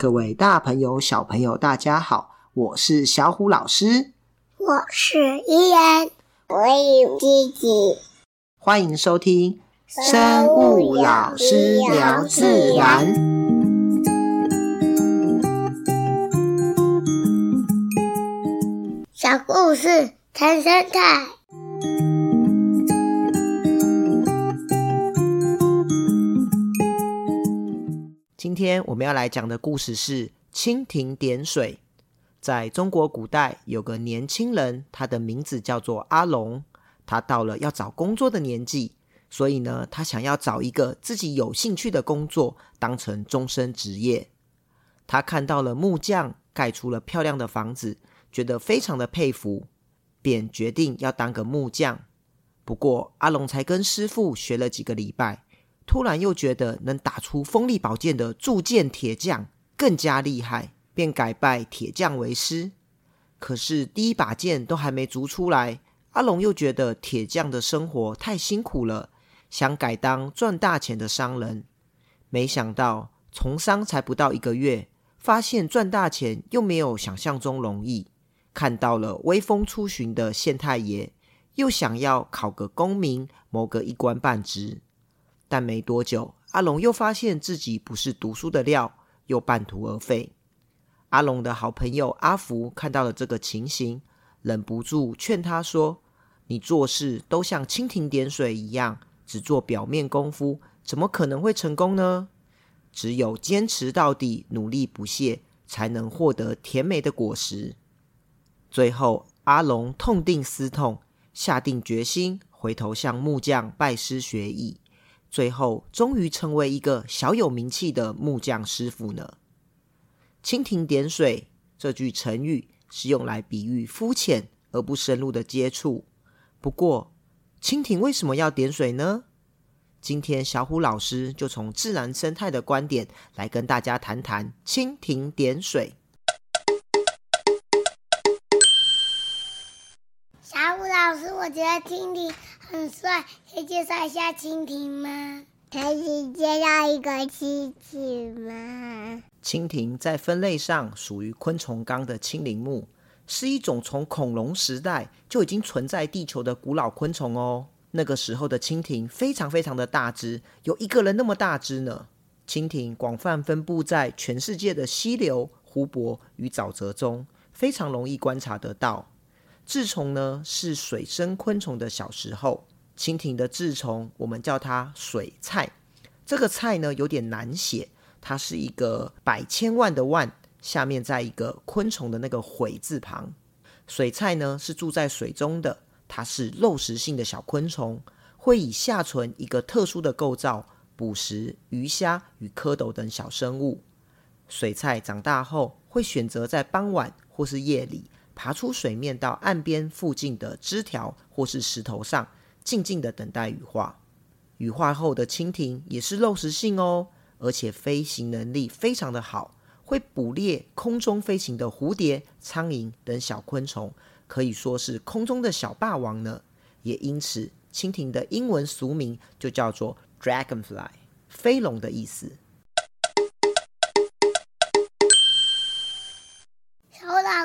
各位大朋友、小朋友，大家好！我是小虎老師，我是伊安，我也有弟弟。歡迎收聽《生物老師聊自然》小故事談生態。今天我們要來講的故事是《蜻蜓點水》。在中國古代，有個年輕人，他的名字叫做阿龍。他到了要找工作的年紀，所以呢，他想要找一個自己有興趣的工作，當成終身職業。他看到了木匠蓋出了漂亮的房子，覺得非常的佩服，便決定要當個木匠。不過，阿龍才跟師傅學了幾個禮拜。突然又覺得能打出鋒利寶劍的鑄劍鐵匠更加厲害，便改拜鐵匠為師。可是第一把劍都還沒鑄出來，阿龍又覺得鐵匠的生活太辛苦了，想改當賺大錢的商人。沒想到從商才不到一個月，發現賺大錢又沒有想象中容易。看到了威風出巡的縣太爺，又想要考個功名，謀個一官半職。但沒多久，阿龍又發現自己不是讀書的料，又半途而廢。阿龍的好朋友阿福看到了這個情形，忍不住勸他說：“你做事都像蜻蜓點水一樣，只做表面功夫，怎麼可能會成功呢？只有堅持到底，努力不懈，才能獲得甜美的果實。”最後，阿龍痛定思痛，下定決心，回頭向木匠拜師學藝。最後，終於成為一個小有名氣的木匠師傅呢。蜻蜓點水這句成語是用來比喻膚淺而不深入的接觸。不過，蜻蜓為什麼要點水呢？今天小虎老師就從自然生態的觀點來跟大家談談蜻蜓點水。老師，我覺得蜻蜓很帥，可以介紹一下蜻蜓嗎？可以介紹一個蜻蜓嗎？蜻蜓在分類上屬於昆蟲綱的蜻蛉目，是一種從恐龍時代就已經存在地球的古老昆蟲哦。那個時候的蜻蜓非常非常的大只，有一個人那麼大只呢。蜻蜓廣泛分布在全世界的溪流、湖泊與沼澤中，非常容易觀察得到。稚蟲呢是水生昆蟲的小時候，蜻蜓的稚蟲我們叫它水蠆。這個蠆呢有點難寫，它是一個百千萬的萬，下面在一個昆蟲的那個蟲字旁。水蠆呢是住在水中的，它是肉食性的小昆蟲，會以下唇一個特殊的構造，捕食魚蝦與蝌蚪等小生物。水蠆長大後會選擇在傍晚或是夜裡。爬出水面，到岸邊附近的枝條或是石頭上，靜靜地等待羽化。羽化後的蜻蜓也是肉食性哦，而且飛行能力非常的好，會捕獵空中飛行的蝴蝶、蒼蠅等小昆蟲，可以說是空中的小霸王呢。也因此，蜻蜓的英文俗名就叫做 dragonfly，飛龍的意思。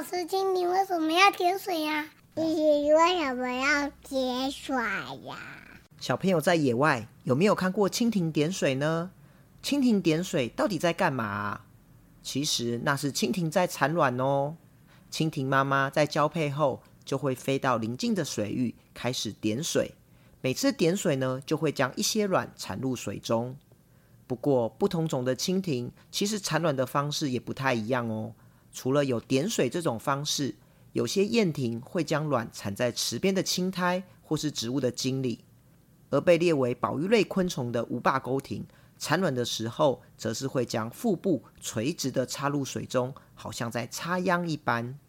是蜻蜓為什麼要點水呀、啊？你為什麼要點水呀、啊？小朋友在野外有沒有看過蜻蜓點水呢？蜻蜓點水到底在幹嘛、啊？其實那是蜻蜓在產卵哦、喔。蜻蜓媽媽在交配後，就會飛到鄰近的水域開始點水。每次點水呢，就會將一些卵產入水中。不過，不同種的蜻蜓，其實產卵的方式也不太一樣哦、喔。除了有點水這種方式，有些晏蜓會將卵產在池邊的青苔或是植物的莖裡，而被列為保育類昆蟲的無霸勾蜓，產卵的時候則是會將腹部垂直的插入水中，好像在插秧一般。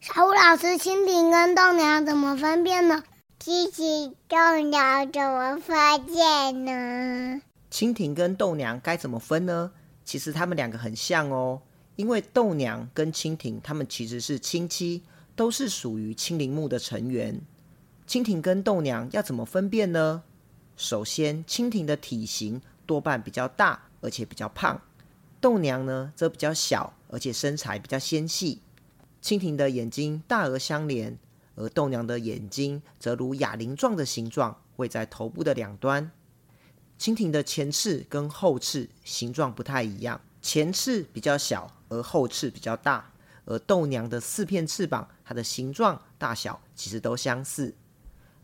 小虎老師，蜻蜓跟豆娘怎麼分辨呢？蜻蜓、豆娘怎麼分辨呢？蜻蜓跟豆娘該怎麼分呢？其實它們兩個很像哦，因為豆娘跟蜻蜓它們其實是親戚，都是屬於蜻蛉目的成員。蜻蜓跟豆娘要怎麼分辨呢？首先，蜻蜓的體型多半比較大，而且比較胖；豆娘呢則比較小，而且身材比較纖細。蜻蜓的眼睛大而相連，而豆娘的眼睛則如啞鈴狀的形狀，位在頭部的兩端。蜻蜓的前翅跟後翅形狀不太一樣，前翅比較小，而後翅比較大。而豆娘的四片翅膀，它的形狀大小其實都相似。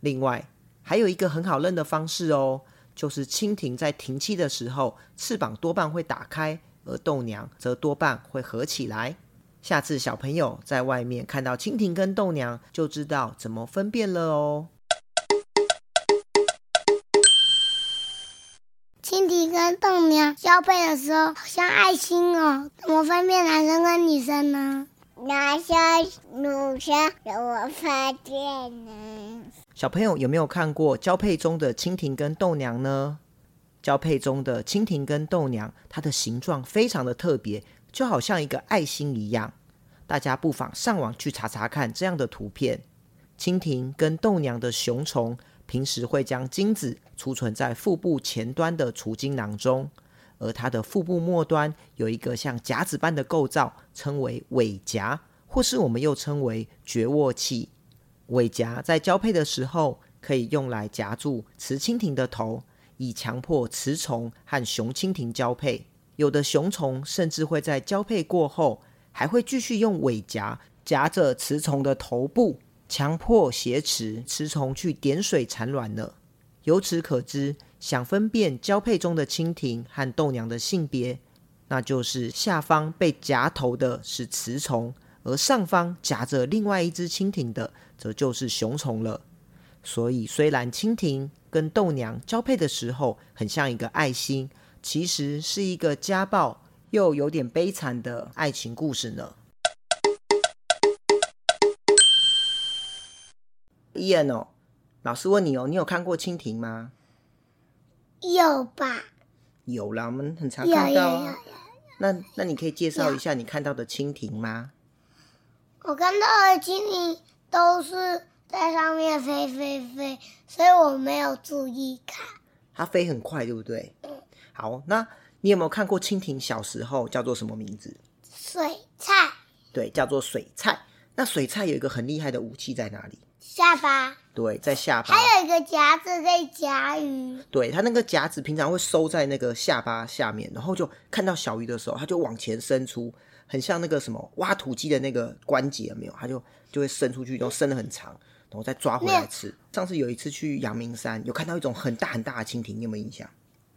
另外，還有一個很好認的方式哦，就是蜻蜓在停棲的時候，翅膀多半會打開，而豆娘則多半會合起來。下次小朋友在外面看到蜻蜓跟豆娘，就知道怎麼分辨了哦。蜻蜓跟豆娘交配的時候，好像愛心哦。怎麼分辨男生跟女生呢？男生女生怎麼分辨呢？小朋友有沒有看過交配中的蜻蜓跟豆娘呢？交配中的蜻蜓跟豆娘，它的形狀非常的特別，就好像一個愛心一樣。大家不妨上網去查查看這樣的圖片。蜻蜓跟豆娘的雄蟲。平時會將精子儲存在腹部前端的儲精囊中，而它的腹部末端有一個像夾子般的構造，稱為尾夾，或是我們又稱為攫握器。尾夾在交配的時候可以用來夾住雌蜻蜓的頭，以強迫雌蟲和雄蜻蜓交配。有的雄蟲甚至會在交配過後，還會繼續用尾夾夾着雌蟲的頭部。強迫挾持雌蟲去點水產卵了。由此可知，想分辨交配中的蜻蜓和豆娘的性別，那就是下方被夾頭的是雌蟲，而上方夾着另外一隻蜻蜓的，則就是雄蟲了。所以，雖然蜻蜓跟豆娘交配的時候很像一個愛心，其實是一個家暴又有點悲慘的愛情故事呢。Ian 哦，老師問你哦，你有看過蜻蜓嗎？有吧，有啦，我們很常看到。那那你可以介紹一下你看到的蜻蜓嗎？我看到的蜻蜓都是在上面飛飛飛，飛，所以我沒有注意看。它飛很快，對不對？ 好，那你有沒有看過蜻蜓小時候叫做什麼名字？水蠆。對，叫做水蠆。那水蠆有一個很厲害的武器在哪裡？下巴。對，在下巴還有一個夾子在夾魚。對，它那個夾子平常會收在那個下巴下面，然後就看到小魚的時候，它就往前伸出，很像那個什麼挖土機的那個關節，有沒有？它就就會伸出去，都伸得很長，然後再抓回來吃。上次有一次去陽明山，有看到一種很大很大的蜻蜓，你有沒有印象？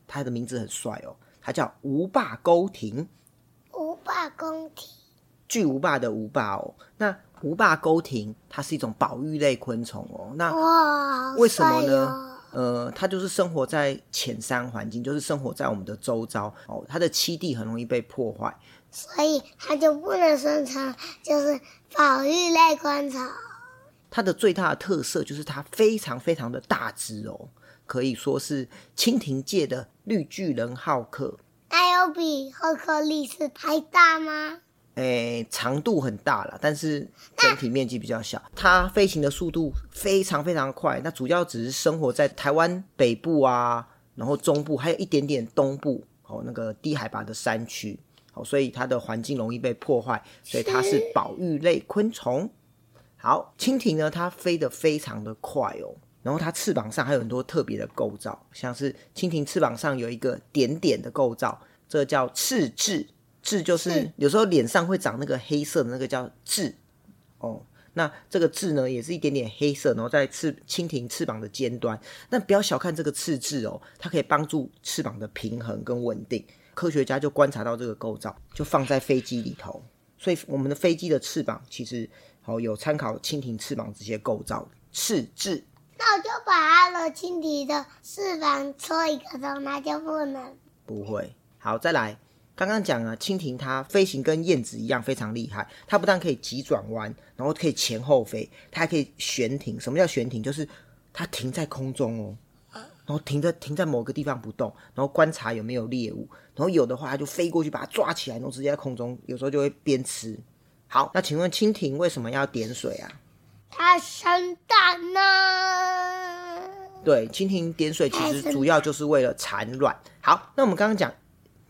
它的名字很帥哦，它叫無霸勾蜓。無霸勾蜓。巨無霸的無霸哦，那無霸勾蜓它是一種保育類昆蟲哦。那哇哦為什麼呢？呃，它就是生活在淺山環境，就是生活在我們的周遭哦。它的棲地很容易被破壞，所以它就不能生成。就是保育類昆蟲，它的最大的特色就是它非常非常的大只哦，可以說是蜻蜓界的綠巨人浩克。還有比赫克力士還大嗎？誒，長度很大了，但是整體面積比較小。它飛行的速度非常非常快。那主要只是生活在台灣北部啊，然後中部還有一點點東部哦，那個低海拔的山區。哦。所以它的環境容易被破壞，所以它是保育類昆蟲。好，蜻蜓呢，它飛得非常的快哦，然後它翅膀上還有很多特別的構造，像是蜻蜓翅膀上有一個點點的構造，這個叫翅痣。痣就是有時候臉上會長那個黑色的那個叫痣、嗯、哦，那這個痣呢也是一點點黑色，然後在翅蜻蜓翅膀的尖端。那不要小看這個翅痣哦，它可以幫助翅膀的平衡跟穩定。科學家就觀察到這個構造，就放在飛機裡頭，所以我們的飛機的翅膀其實好、哦、有參考蜻蜓翅膀這些構造。翅痣，那我就把它的蜻蜓的翅膀戳一個洞，那就不能？不會。好，再來。剛剛講啊，蜻蜓它飛行跟燕子一樣非常厲害，它不但可以急轉彎，然後可以前後飛，它還可以懸停。什麼叫懸停？就是它停在空中哦，然後停在停在某個地方不動，然後觀察有沒有獵物，然後有的話它就飛過去把它抓起來，然後直接在空中，有時候就會邊吃。好，那請問蜻蜓為什麼要點水啊？它生蛋呢？對，蜻蜓點水其實主要就是為了產卵。好，那我們剛剛講。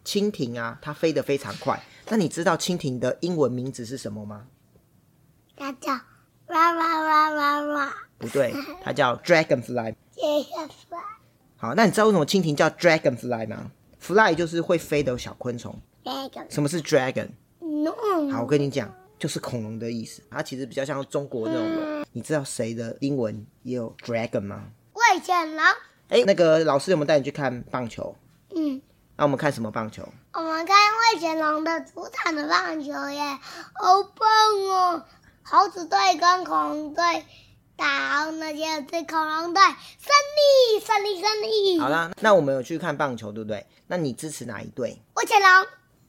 蜻蜓啊，它飛得非常快。那你知道蜻蜓的英文名字是什麼嗎？它叫哇哇哇哇哇。不對，它叫 dragonfly。 好，那你知道為什麼蜻蜓叫 dragonfly 嗎？fly 就是會飛的小昆蟲。dragon。什麼是 dragon？No. 好，我跟你講，就是恐龍的意思。它其實比較像中國那種。嗯。你知道誰的英文也有 dragon 嗎？為什麼？哎，欸，那個老師有沒有帶你去看棒球？嗯。那我們看什麼棒球？我們看味全龍的主場的棒球耶，好棒哦！猴子隊跟恐龍隊打，那現在是恐龍隊勝利，勝利，勝利！好啦，那我們有去看棒球，對不對？那你支持哪一隊？味全龍。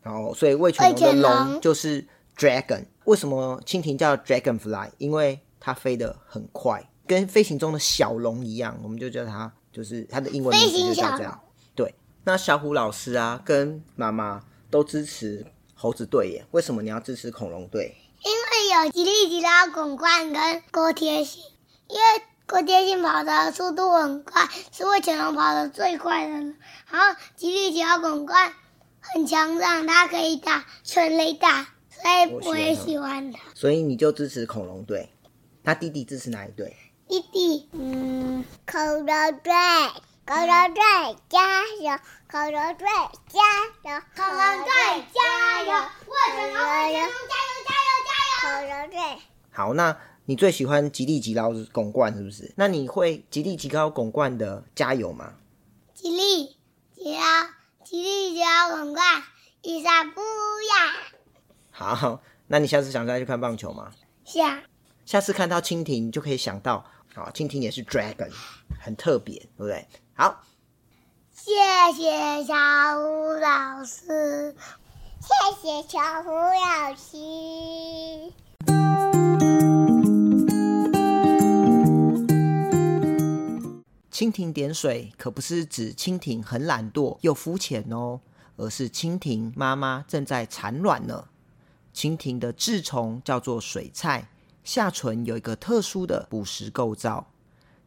然、哦、後，所以味全龍的龍就是 dragon。為什麼蜻蜓叫 dragonfly？因為它飛得很快，跟飛行中的小龍一樣，我們就叫它，就是它的英文名字就叫這樣。那小虎老師啊，跟媽媽都支持猴子隊耶。為什麼你要支持恐龍隊？因為有吉力吉撈鞏冠跟郭天信，因為郭天信跑的速度很快，是味全龍跑的最快的。然後吉力吉撈鞏冠很強壯，他可以打全壘打，所以我也喜歡他。所以你就支持恐龍隊。那弟弟支持哪一隊？弟弟，嗯，恐龍隊。恐龍隊加油，恐龍隊加油，恐龍隊加油！我只能加油加油加油！恐龍隊好，那你最喜歡吉力吉撈鞏冠是不是？那你會吉力吉撈鞏冠的加油嗎？吉力吉撈吉，吉力吉撈鞏冠一三不呀！好，那你下次想再去看棒球嗎？想。下次看到蜻蜓，你就可以想到。好，蜻蜓也是 dragon，很特別，對不對？好，謝謝小虎老師，謝謝小虎老師。蜻蜓點水可不是指蜻蜓很懶惰又膚淺哦，而是蜻蜓媽媽正在產卵呢。蜻蜓的稚蟲叫做水蠆。下唇有一個特殊的捕食構造。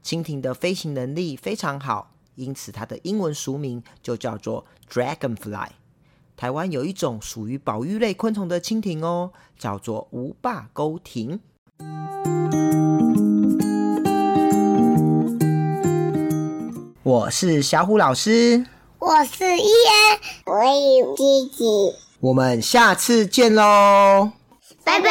蜻蜓的飛行能力非常好，因此它的英文俗名就叫做 dragonfly。台灣有一種屬於保育類昆蟲的蜻蜓哦，叫做無霸勾蜓。我是小虎老師，我是伊恩，我有弟弟。我們下次見嘍，拜拜。